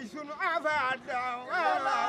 قيس أفاد الله الله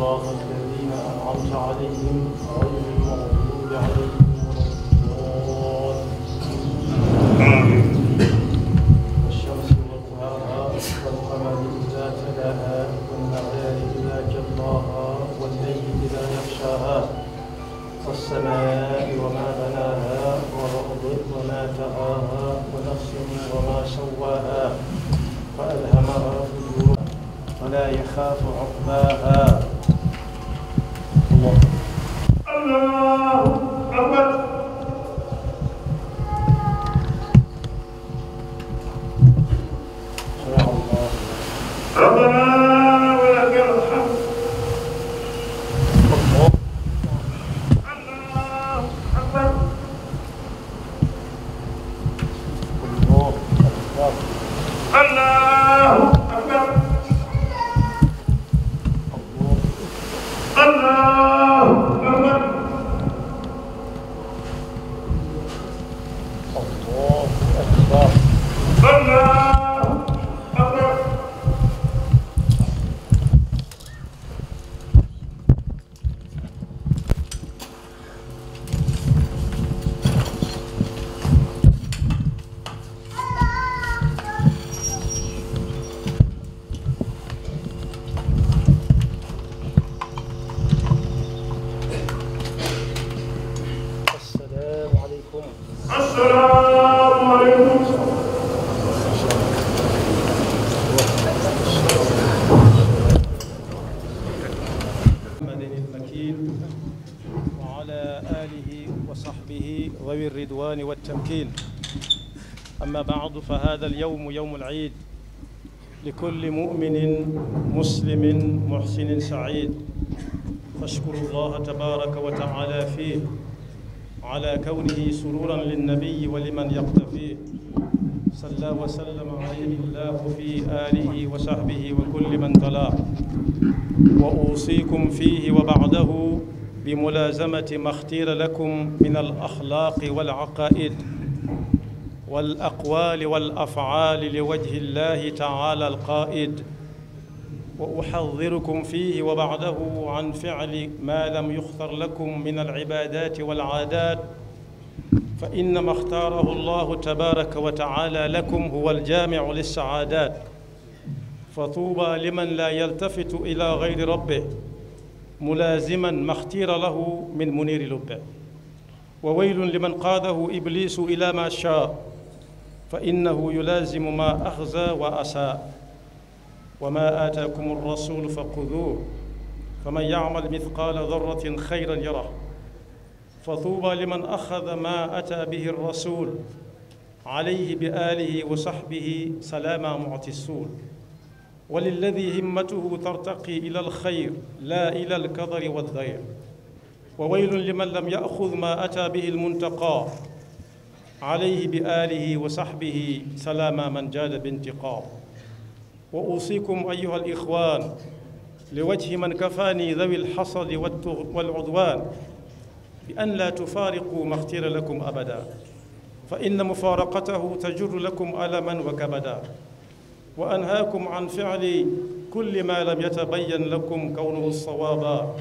صراط الذين أنعمت عليهم أما بعد فهذا اليوم يوم العيد لكل مؤمن مسلم محسن سعيد فاشكروا الله تبارك وتعالى فيه على كونه سرورا للنبي ولمن يقتفيه صلى وسلم عليه الله في آله وصحبه وكل من تلاه وأوصيكم فيه وبعده بملازمة ما اختير لكم من الأخلاق والعقائد والأقوال والأفعال لوجه الله تعالى القائد وأحذركم فيه وبعده عن فعل ما لم يختر لكم من العبادات والعادات فإنما اختاره الله تبارك وتعالى لكم هو الجامع للسعادات فطوبى لمن لا يلتفت إلى غير ربه ملازما ما اختير له من منير لبه وويل لمن قاده إبليس إلى ما شاء fa innahu yulaazimu ma axza wa asaa wa ma aataakum alrasul fa xuduuh fa man yacmal mithqaala darratin xayran yarah fa tuuba liman axada ma ataa bihi alrasul alayhi bi aalihi wa saxbihi salaama mucti suul walilladi himmatuhu tartaqi ila alxayr laa ila alkadari waddayr wa waylun liman lam yaxud ma ataa bihi almuntaqa عليه بآله وصحبه سلام من جاد بانتقام وأوصيكم أيها الإخوان لوجه من كفاني ذوي الحصد والعدوان بأن لا تفارقوا ما اختير لكم أبدا فإن مفارقته تجر لكم ألما وكبدا وأنهاكم عن فعل كل ما لم يتبين لكم كونه الصوابا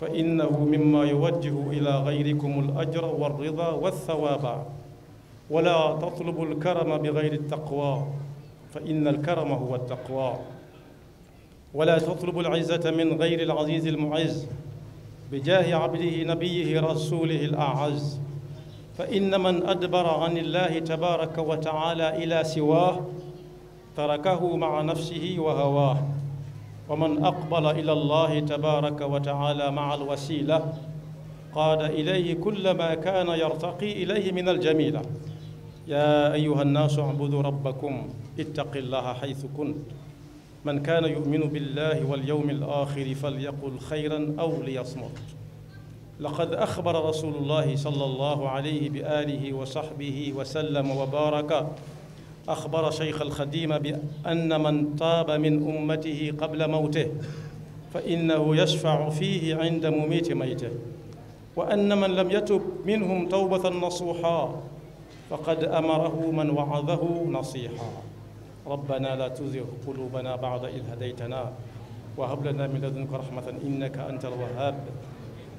فإنه مما يوجه إلى غيركم الأجر والرضا والثوابا ولا تطلبوا الكرم بغير التقوى فإن الكرم هو التقوى ولا تطلبوا العزة من غير العزيز المعز بجاه عبده نبيه رسوله الأعز فإن من أدبر عن الله تبارك وتعالى إلى سواه تركه مع نفسه وهواه ومن أقبل إلى الله تبارك وتعالى مع الوسيلة قاد إليه كل ما كان يرتقي إليه من الجميلة يا أيها الناس اعبدوا ربكم اتقوا الله حيث كنت من كان يؤمن بالله واليوم الآخر فليقل خيرا أو ليصمت لقد أخبر رسول الله صلى الله عليه بآله وصحبه وسلم وبارك أخبر شيخ الخديم بأن من تاب من أمته قبل موته فإنه يشفع فيه عند مميت ميته وأن من لم يتب منهم توبة نصوحا faqad amarahu man waadahu nasiha rabbana la tuzigh qulubana ba'da idh hadaytana wa hab lana min ladunka rahmatan innaka antal wahhab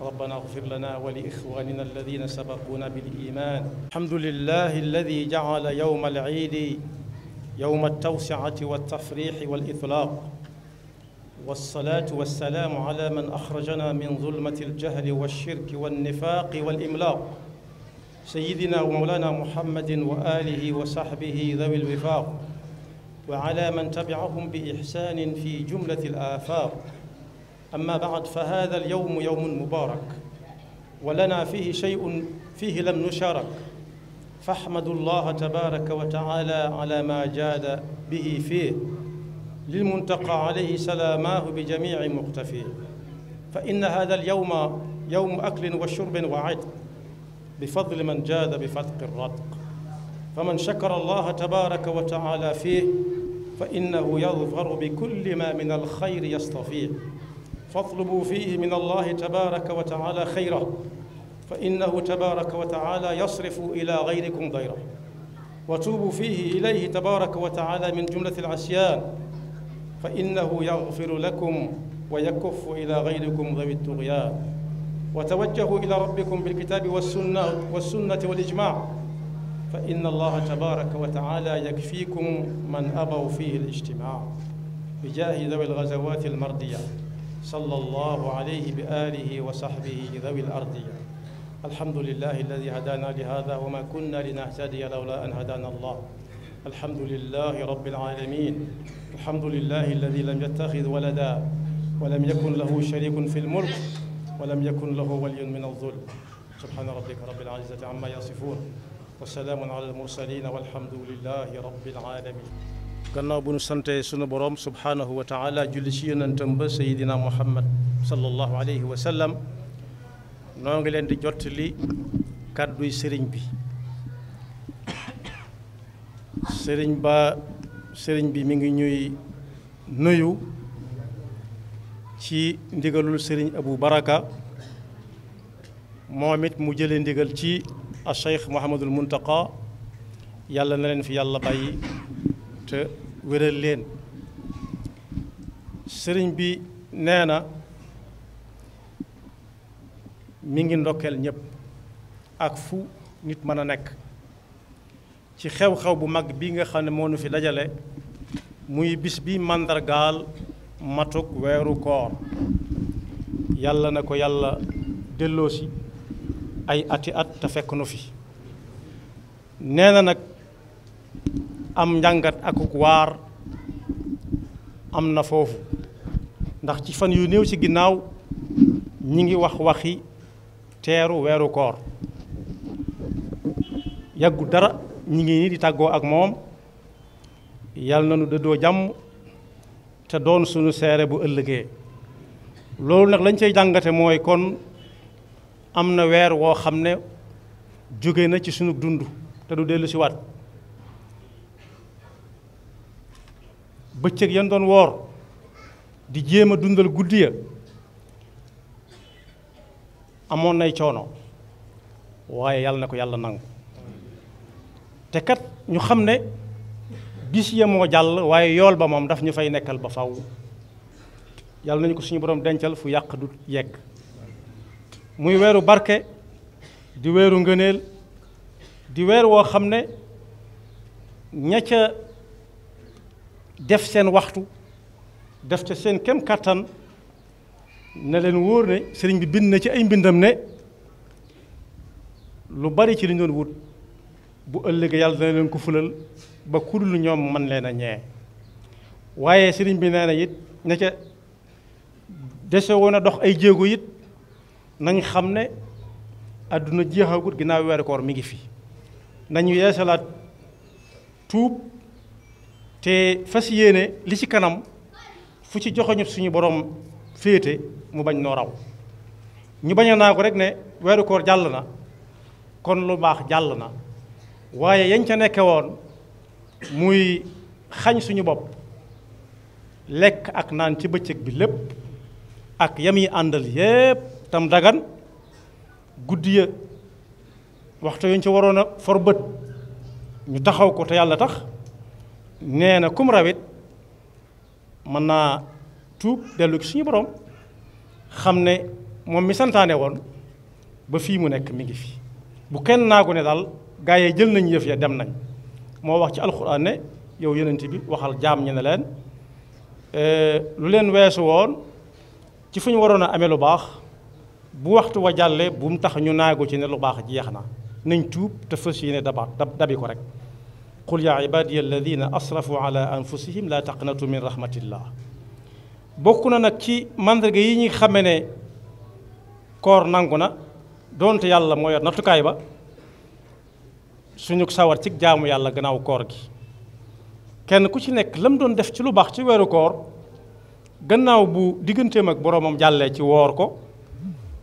ربنا اغفر لنا ولإخواننا الذين سبقونا بالإيمان الحمد لله الذي جعل يوم العيد يوم التوسعة والتفريح والإطلاق والصلاة والسلام على من أخرجنا من ظلمة الجهل والشرك والنفاق والإملاق سيدنا ومولانا محمد وآله وصحبه ذوي الوفاق وعلى من تبعهم بإحسان في جملة الآفاق أما بعد فهذا اليوم يوم مبارك ولنا فيه شيء فيه لم نشارك فاحمد الله تبارك وتعالى على ما جاد به فيه للمنتقى عليه سلاماه بجميع مقتفيه فإن هذا اليوم يوم أكل وشرب وعتق بفضل من جاد بفتق الرتق فمن شكر الله تبارك وتعالى فيه فإنه يظفر بكل ما من الخير يستطيع فاطلبوا فيه من الله تبارك وتعالى خيره فإنه تبارك وتعالى يصرف إلى غيركم غيره وتوبوا فيه إليه تبارك وتعالى من جملة العصيان فإنه يغفر لكم ويكف إلى غيركم ذوي الطغيان وتوجهوا إلى ربكم بالكتاب والسنة, والسنة والإجماع فإن الله تبارك وتعالى يكفيكم من أبوا فيه الاجتماع بجاه ذوي الغزوات المرضية صلى الله عليه بآله وصحبه ذوي الأرضية الحمد لله الذي هدانا لهذا وما كنا لنهتدي لولا أن هدانا الله الحمد لله رب العالمين الحمد لله الذي لم يتخذ ولدا ولم يكن له شريك في الملك walam yakun lahu waliyun min az-zulm subhana rabbika rabbil izzati amma yasifun wa salaamun ala al-mursalin walhamdulillahi rabbil alamin gannaaw bu nu santee sunu boroom subhanahu wa taala julli ci yonentam ba sayidina muhammad sallallahu alayhi wa sallam noo ngi leen di jottali kàdduy sëriñ bi sëriñ ba sëriñ bi mi ngi ñuy nuyu ci ndigalul sëriñ Abu Baraka moom it mu jële ndigal ci a Cheikh Mouhamadul Muntaqa yàlla na leen fi yàlla bàyyi te wéral leen sëriñ bi nee na mi ngi ndokkeel ñépp ak fu nit mën a nekk ci xew-xew bu mag bi nga xam ne moo fi dajale muy bis bi màndargaal matuk weeru koor yàlla na ko yàlla delloosi ay ati at te fekk fi nee na nag am njàngat ak waar am na foofu ndax ci fan yu néew ci ginnaaw ñi ngi wax waxi teeru weeru koor yàggu dara ñi ngi nii di tàggoo ak moom yàlla na nu dëddoo jàmm te doon sunu seere bu ëllëgee loolu nag lañ cay jàngate mooy kon am na weer woo xam ne jóge na ci sunu dund te du dellu si waat bëccëg yan doon woor di jéem a dundal guddi ya amoon nay coono waaye yàlla na ko yàlla nangu te kat ñu xam ne bis ya moo jàll waaye yool ba moom daf ñu fay nekkal ba faw yàlla nañu ko suñu borom dencal fu yàq du yegg muy weeru barke di weeru ngëneel di weer woo xam ne ña ca def seen waxtu def ca seen kem kàttan ne leen wóor ne sëriñ bi bind na ci ay mbindam ne lu bari ci li ñu doon wut bu ëllëgee yàlla dana leen ko fulal ba ku lu ñoom man leen a ñee waaye sëriñ bi nee na it ña ca dese woon a dox ay jéego yit nañ xam ne àdduna jeexagut ginnaaw weeru koor mi ngi fi nañu yeesalaat tuub te fas yéene li ci kanam fu ci joxoñu suñu borom féete mu bañ noo raw ñu bañ naa ko rek ne weeru jàll na kon lu baax jàll na waaye yañ ca nekke woon muy xañ suñu bopp lekk ak naan ci bëccëg bi lépp ak yam yi àndal yépp tam dagan guddi ya waxtu yañ ca waroon a for bët ñu taxaw ko te yàlla tax nee na kum rawit mën naa tuub dellu suñu borom xam ne moom mi santaane woon ba fii mu nekk mi ngi fi bu kenn naagu ne daal gaa yi jël nañu yëf ya dem nañ moo wax ci alxuraan ne yow yonent bi waxal jaam ñi ne leen eh, lu leen weesu woon ci fu ñu waroon a amee lu baax bu waxtu wa jàlle bu mu tax ñu naagu ci ne lu baax jeex na nañ tuub te fas yéene dabaat dabi ko rek qul yaa ibadiya alladina asrafu ala anfusihim la taqnatu min rahmatillah bokk na nag ci mandarga yi ñu xame ne koor nangu na doonte yàlla moo yor nattukaay ba suñu sawar ci jaamu yàlla gannaaw koor gi kenn ku ci nekk lam doon def ci lu baax ci weeru koor gannaaw bu digganteem ak boroomam jàllee ci woor ko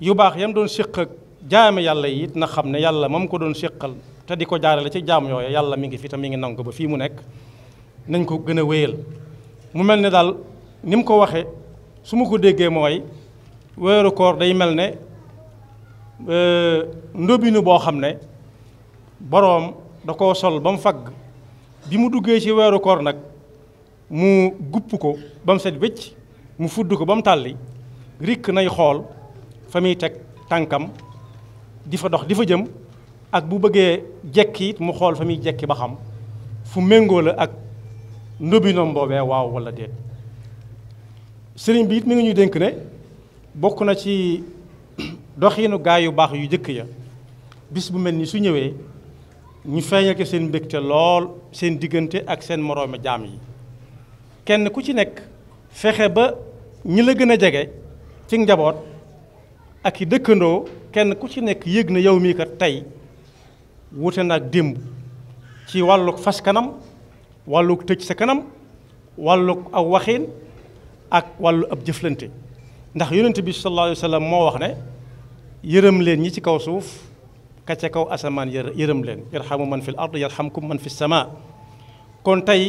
yu baax yam doon séq ak jaame yàlla yi it na xam ne yàlla moom ko doon séqal te di ko jaarale ci jaam yooyu yàlla mi ngi fi te mi ngi nangu ba fii mu nekk nañ ko gën a wéyal mu mel ne daal ni mu ko waxee su ma ko déggee mooy weeru koor day mel ne euh, ndóbinu boo xam ne boroom da ko sol ba mu fagg bi mu duggee ci weeru koor nag mu gupp ko ba mu set wécc mu fudd ko ba mu tàlli rikk nay xool fa muy teg tànkam di fa dox di fa jëm ak bu bëggee jekki it mu xool fa muy jekki ba xam fu méngoo la ak ndobinom boobee waaw wala déet sëriñ bi it mi ngi ñuy dénk ne bokk na ci doxiinu gaay yu baax yu jëkk ya bis bu mel ni su ñëwee ñu feeñal ko seen mbégte lool seen diggante ak seen moroomi jaam yi kenn ku ci nekk fexe ba ñi la gën a jege ci njaboot ak i dëkkandoo kenn ku ci nekk yëg na yow mii kat tey wute na ak démb ci wàlluk fas kanam wàlluk tëj sa kanam wàlluk aw waxin ak wàllu ab jëflante ndax yonent bi sallallahu alayhi moo wax ne yërëm leen ñi ci kaw suuf ka ca kaw asamaan yërëm leen irhamu man fil ard yarhamkum man fis sama kon tey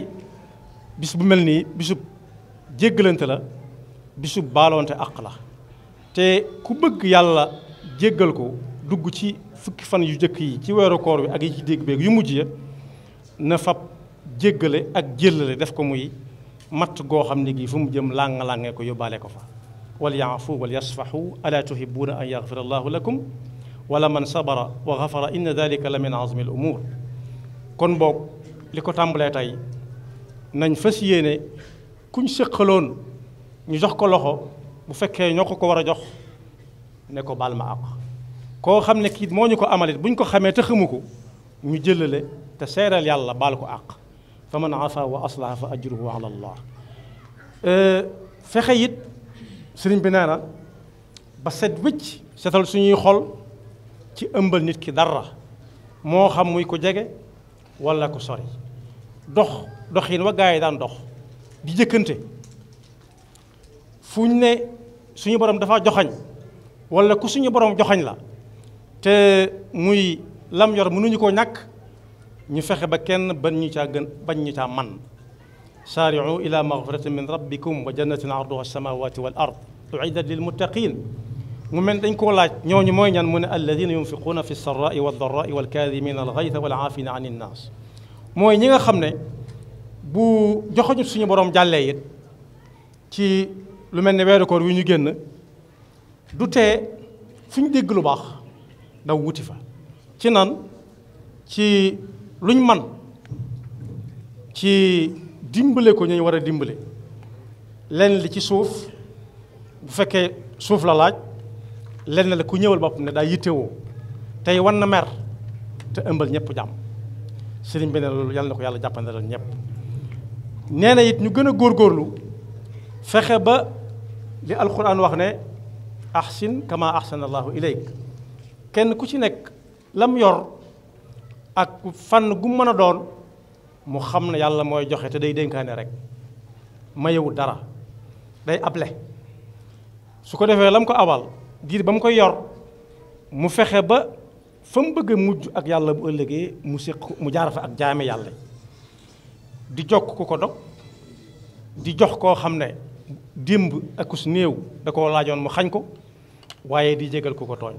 bis bu mel nii bisub jéggalante la bisub baaloonte ak la te ku bëgg yàlla jéggal ko dugg ci fukki fan yu jëkk yi ci weeru koor bi ak yi ci dégg beeg yu mujj ya na fab jéggale ak jéllale def ko muy mat goo xam ne gii fu mu jëm làng-làngee ko yóbbaale ko fa wal yaafu wal yasfahu ala tuhibbuuna an yaxfira allahu lakum wala man sabara wa xafara inna dalika la min azmi al kon boog li ko tàmbalee tey nañ fas yéene kuñ séqaloon ñu jox ko loxo bu fekkee ñoo ko ko war a jox ne ko baal ma àq koo xam ne kii moo ñu ko amalit buñ ko xamee te xamu ko ñu jëlale te seeral yàlla baal ko àq fa man afa wa aslaha fa ajruhu ala allah euh, fexe it sëriñ bi nee na ba set wëcc setal suñuy xol ci ëmbal nit ki dara moo xam muy ko jege wala ko sori dox doxin wa gaa yi daan dox di jëkkante fu ñu ne suñu borom dafa joxañ wala ku suñu borom joxañ la te muy lam yor mënuñu koo ñàkk ñu fexe ba kenn bañ ñu caa gën bañ ñu caa man saari'u ila maghfiratin min rabbikum wa jannatin arduha as-samawati wal ard uiddat lil muttaqin mu mel dañ koo laaj ñooñu mooy ñan mu ne alladina yunfiquuna fi sarraai wa darraai wal kaadimina al gayta wal aafina an innaas mooy ñi nga xam ne bu joxoñu suñu borom jàllee it ci lu mel ne weeru koor wi ñu génn du tee fu ñu dégg lu baax daw wuti fa ci nan ci luñ man ci dimbale ko ñu war a dimbale lenn li ci suuf bu fekkee suuf la laaj lenn la ku ñëwal boppam ne daa yittewoo tey wan na mer te ëmbal ñëpp jàmm sëriñ bi ne loolu yàlla na ko yàlla jàppandalal ñëpp. nee na it ñu gën a góorgóorlu fexe ba li alxuraan wax ne ahsin kama ahsana allahu kenn ku ci nekk lam yor ak fànn gu mën a doon mu xam ne yàlla mooy joxe te day dénkaane rek mayewul dara day able su ko defee lam ko abal diir ba mu koy yor mu fexe ba fa mu bëgg mujj ak yàlla bu ëllëgee mu seq mu jaar fa ak jaame yàlla di jokk ku ko dog di jox koo xam ne démb akus néew da koo laajoon mu xañ ko waaye di jegal ku ko tooñ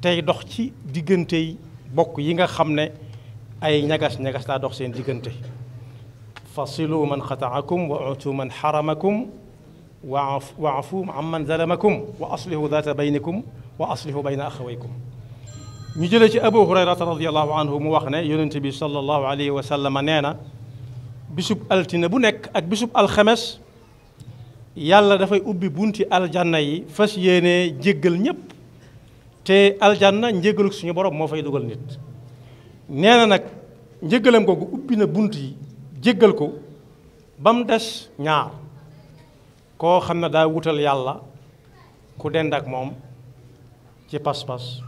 tey dox ci diggante yi bokk yi nga xam ne ay ñagas ñagas laa dox seen diggante fasilu man xataakum wa utu man xaramakum waafu amman zalamakum wa aslihu data baynikum wa aslihu bayna axawaykum ñu jëlee ci abu hurayrata radiallahu anhu mu wax ne yonent bi salallahu alayhi wa sallama nee na bisub altine bu nekk ak bisub alxames yàlla dafay ubbi bunti aljanna yi fas yéenee jéggal ñépp te aljanna njéggalu suñu borom moo fay dugal nit nee na nag njéggalam googu ubbi na bunt yi jéggal ko ba mu des ñaar koo xam ne daa wutal yàlla ku dend ak moom ci pas-pas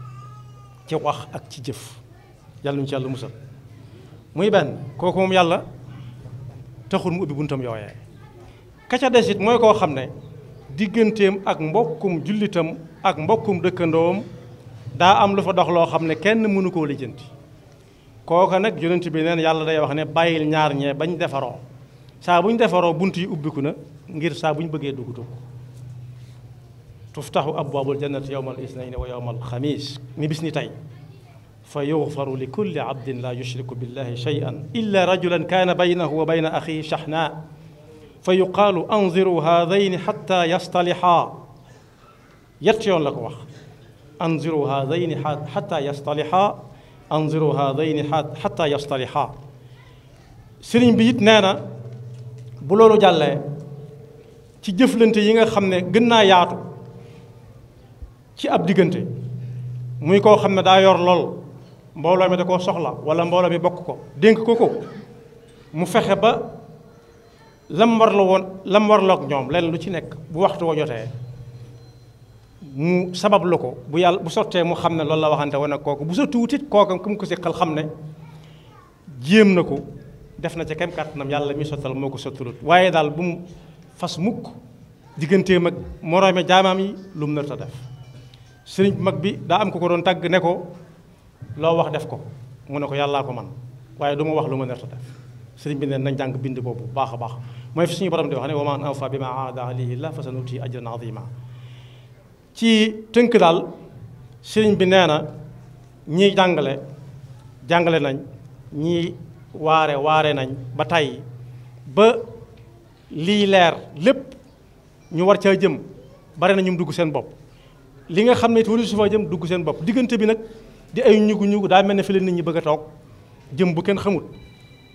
ci wax ak ci jëf yàlla ñu ci yàlla musal muy benn kooku moom yàlla taxul mu ubbi buntam yooyee ka ca des it mooy koo xam ne digganteem ak mbokkum jullitam ak mbokkum dëkkandoom daa am lu fa dox loo xam ne kenn mënu koo lijjanti kooka nag yonent bi neen yàlla day wax ne bàyyil ñaar ñee bañ defaroo saa bu ñu defaroo bunt yi ubbiku na ngir saa bu ñu bëggee dugg dugg tuftaxu abwaabul jannati yowmal isnayni wa yowmal xamis ni bis ni tey fa yuxfaru li kulli abdin la yushriku billahi shay'an illa rajulan kaana baynahu wa bayna axihi shaxna fa yuqaalu anziru haadayni xatta yastalixa yett yoon la ko wax anziru haadayni xatta yastalixa anziru haadayni xatta yastalixa sëriñ bi it nee na bu loolu jàllee ci jëflante yi nga xam ne gën naa yaatu ci ab diggante muy koo xam ne daa yor lool mbooloo mi da koo soxla wala mbooloo mi bokk ko dénk ko ko mu fexe ba lam war la woon lam war la ñoom lenn lu ci nekk bu waxtu woo jotee mu sabab la ko bu yàlla bu sottee mu xam ne loolu la waxante woon ak kooku bu sa tuutit kooku ku mu ko séqal xam ne jéem na ko def na ca kem kàttanam yàlla mi sottal moo ko sottalut waaye daal bu mu fas mukk digganteem ak moroome jaamaam yi lu mu narta def sëriñ bu mag bi daa am ko ko doon tàgg ne ko loo wax def ko mu ne ko yàllaa ko man waaye du ma wax lu ma narta def sëriñ bi ne nañ jàng bind boobu baax a baax mooy fi suñu borom di wax ne wa man awfa bima aahada alayhi llaah fa sanuti ajran azima ci tënk daal sëriñ bi nee na ñii jàngale jàngale nañ ñii waare waare nañ ba tey ba lii leer lépp ñu war caa jëm bare na ñu dugg seen bopp li nga xam ne it waru su fa jëm dugg seen bopp diggante bi nag di ay ñugu ñugu daa mel ne fi la nit ñi bëgg a toog jëm bu kenn xamut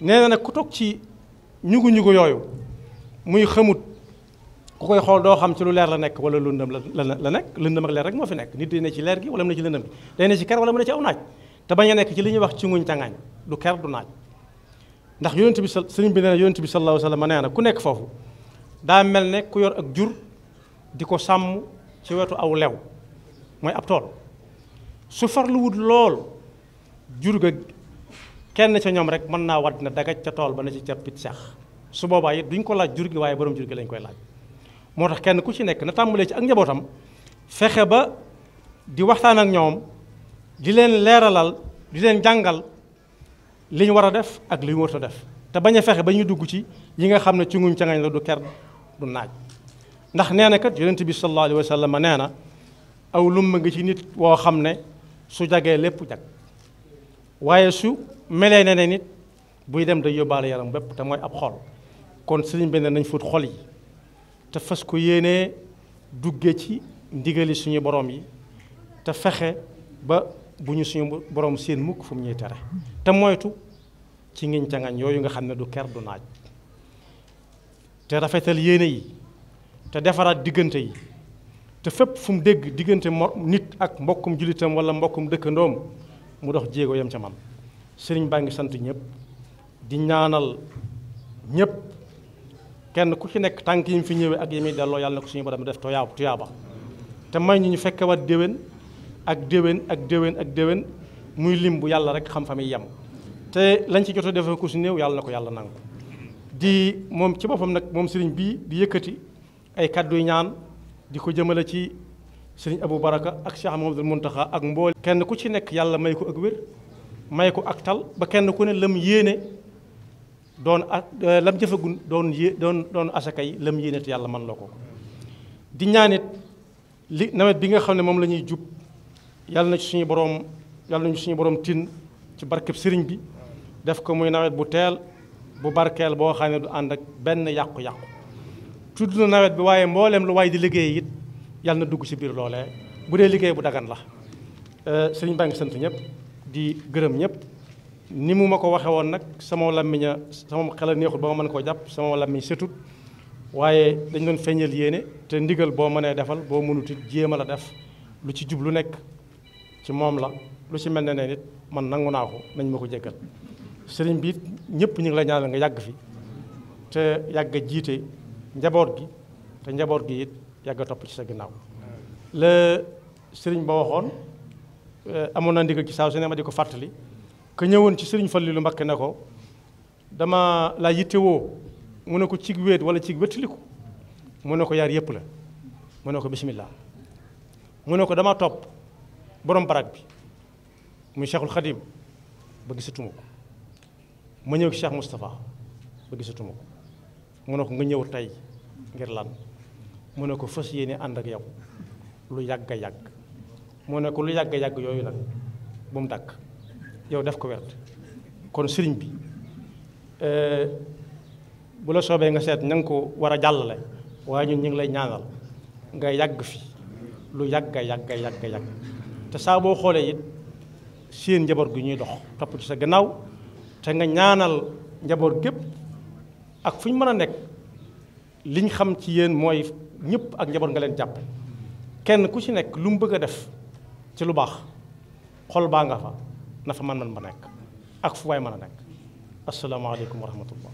nee na nag ku toog ci ñugu ñugu yooyu muy xamut ku koy xool doo xam ci lu leer la nekk wala lëndëm la la nekk lëndëm ak leer rek moo fi nekk nit day ne ci leer gi wala mu ne ci lëndëm gi day ne ci ker wala mu ne ci aw naaj te bañ nekk ci li ñuy wax ci nguñ tàngaañ du ker du naaj ndax yonent bi suñu bi nee na yonent bi sa alayhi wa sallam nee na ku nekk foofu daa mel ne ku yor ak jur di ko sàmm ci wetu aw lew mooy ab tool su farluwut lool jur ga kenn ca ñoom rek mën naa wadd na dagaj ca tool ba na ci ca pit sax su boobaa it duñ ko laaj jur gi waaye borom jur gi lañ koy laaj moo tax kenn ku ci nekk na tàmbalee ci ak njabootam fexe ba di waxtaan ak ñoom di leen leeralal di leen jàngal li ñu war a def ak li ñu warut def te bañ a fexe ba ñu dugg ci yi nga xam ne ci nguñ cangañ la du ker du naaj ndax nee na kat yonent bi sallallahu alayhi wa sallam nee na aw lumb ngi ci nit woo xam ne su jagee lépp jag waaye su melee ne ne nit buy dem day yóbbaale yaram bépp te mooy ab xol kon sëriñ bi ne nañ fóot xol yi te fas ko yéenee dugge ci ndigali suñu borom yi te fexe ba bu ñu suñu borom seen mukk fu mu ñuy tere te moytu ci ngiñ cangañ yooyu nga xam ne du ker du naaj te rafetal yéene yi te defaraat diggante yi te fépp fu mu dégg diggante nit ak mbokkum jullitam wala mbokkum dëkkandoom mu dox jéego yam ca man sëriñ baa ngi sant ñëpp di ñaanal ñëpp kenn ku ci nekk tànk yi mu fi ñëwee ak yi muy delloo yàlla na ko suñu borom def tuyaaba te may ñu ñu fekke wat déwén ak déwén ak déwén ak déwén muy lim bu yàlla rek xam fa muy yem te lañ ci jot a ko ku néew yàlla na ko yàlla nangu di moom ci boppam nag moom sëriñ bii di yëkkati ay kàddu ñaan di ko jëmale ci sëriñ Abou Baraka ak Cheikh Mouhamadoul Mountakha ak mbool kenn ku ci nekk yàlla may ko ak wér may ko ak tal ba kenn ku ne lam yéene doon a euh, lam jëfagun doon yé doon doon asaka yi lam yéene te yàlla mën la ko di ñaanit li nawet bi nga xam ne moom la ñuy jub yàlla na ci suñu borom yàlla nañu suñu boroom tin ci barkeb sëriñ bi def ko muy nawet bu teel bu barkeel boo xanee du ànd ak benn yàqu-yàqu tudd na nawet bi waaye mbooleem lu waaye di liggéey it yàlla na dugg ci biir loolee bu dee liggéey bu dagan la euh, sëriñ baa ngi sant ñëpp di gërëm ñépp ni mu ma ko waxe woon nag sama làmmiñ a sama xel a neexul ba ma mën koo jàpp sama làmmiñ setut waaye dañ doon feeñal yéene te ndigal boo mënee defal boo mënutit jéem la def lu ci jub lu nekk ci moom la lu ci mel ne ne nit man nangu naa ko nañ ma ko jéggal sëriñ bi ñëpp ñu ngi lay ñaanal nga yàgg fi te yàgg a jiite njaboot gi te njaboot gi it yàgg a topp ci sa ginnaaw la sëriñ ba waxoon eh, amoon na ndigal ci saa su ne ma di ko fàttali que ñëwoon ci sëriñ lu Mbakke ne ko dama laa yittewoo mu ne ko cig wéet wala cig ko mu ne ko yaar yëpp la mu ne ko bisimilah mu ne ko dama topp borom barak bi muy cheikhul xadim ba gisatuma ko ma ñëw ci cheikh moustapha ba gisatuma ko mu ne ko nga ñëw tey ngir lan mu ne ko fës yéene ànd ak yow lu yàgg a yàgg mu ne ko lu yàgg yàgg yooyu nag bu mu dàkk yow def ko wert kon sëriñ bi euh, bu la soobee nga seet na ko war a jàllale waaye ñun ñu ngi lay ñaanal nga yàgg fi lu yàgg a yàgg a yàgg te saa boo xoolee it seen njaboot gi ñuy dox topp ci sa gannaaw te nga ñaanal njaboot gépp ak fu ñu mën a nekk liñ xam ci yéen mooy ñépp ak njaboot nga leen jàpp kenn ku ci nekk lu mu bëgg a def ci lu baax xol baa nga fa na fa man-man ba nekk ak fu waay mën a nekk asalaamaaleykum wa rahmatullah